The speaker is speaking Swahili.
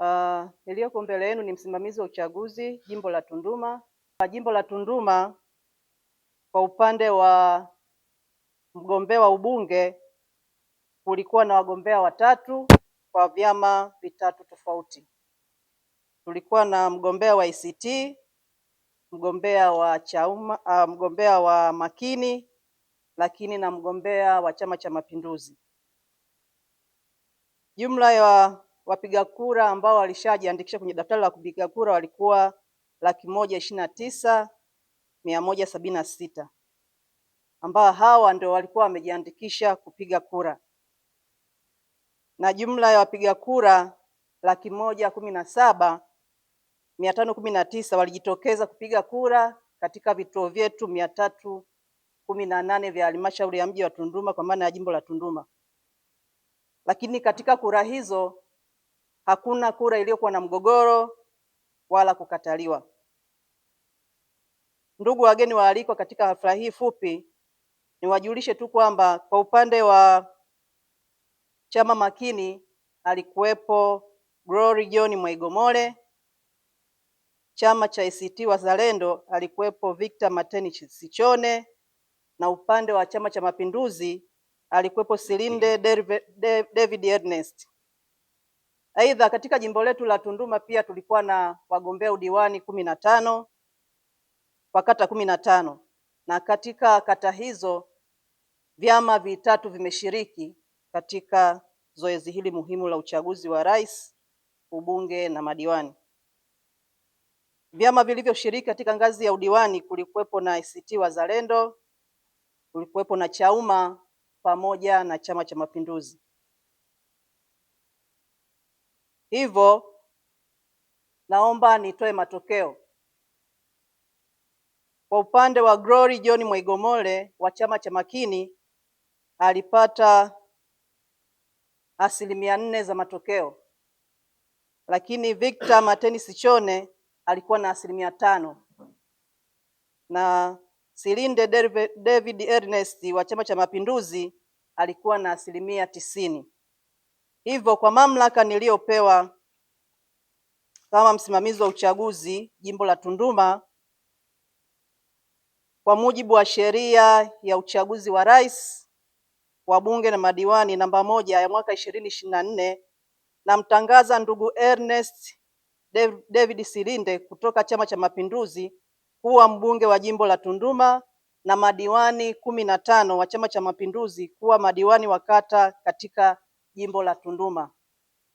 Uh, ah, iliyoko mbele yenu ni msimamizi wa uchaguzi jimbo la Tunduma. Ah, jimbo la Tunduma kwa upande wa mgombea wa ubunge kulikuwa na wagombea watatu kwa vyama vitatu tofauti. Tulikuwa na mgombea wa ACT, mgombea wa Chauma, uh, mgombea wa Makini, lakini na mgombea wa Chama cha Mapinduzi. Jumla ya wapiga kura ambao walishajiandikisha kwenye daftari la kupiga kura walikuwa laki moja ishirini na tisa mia moja sabini na sita ambao hawa ndio walikuwa wamejiandikisha kupiga kura, na jumla ya wapiga kura laki moja kumi na saba mia tano kumi na tisa walijitokeza kupiga kura katika vituo vyetu mia tatu kumi na nane vya halmashauri ya mji wa Tunduma kwa maana ya jimbo la Tunduma. Lakini katika kura hizo Hakuna kura iliyokuwa na mgogoro wala kukataliwa. Ndugu wageni waalikwa, katika hafla hii fupi, niwajulishe tu kwamba kwa upande wa chama Makini alikuwepo Glory John Mwaigomole, chama cha ACT Wazalendo alikuwepo Victor Mateni Sichone, na upande wa Chama cha Mapinduzi alikuwepo Silinde David Ernest. Aidha, katika jimbo letu la Tunduma pia tulikuwa na wagombea udiwani kumi na tano kwa kata kumi na tano na katika kata hizo vyama vitatu vimeshiriki katika zoezi hili muhimu la uchaguzi wa rais, ubunge na madiwani. Vyama vilivyoshiriki katika ngazi ya udiwani kulikuwepo na ACT Wazalendo, kulikuwepo na Chauma pamoja na Chama cha Mapinduzi. Hivyo naomba nitoe matokeo. Kwa upande wa Glory John Mwigomole wa chama cha Makini alipata asilimia nne za matokeo, lakini Victor Mateni Sichone alikuwa na asilimia tano na Silinde David Ernest wa Chama cha Mapinduzi alikuwa na asilimia tisini. Hivyo, kwa mamlaka niliyopewa kama msimamizi wa uchaguzi jimbo la Tunduma, kwa mujibu wa sheria ya uchaguzi wa rais, wabunge na madiwani namba moja ya mwaka ishirini ishirini na nne, namtangaza ndugu Ernest David Silinde kutoka Chama cha Mapinduzi kuwa mbunge wa jimbo la Tunduma na madiwani kumi na tano wa Chama cha Mapinduzi kuwa madiwani wa kata katika jimbo la Tunduma.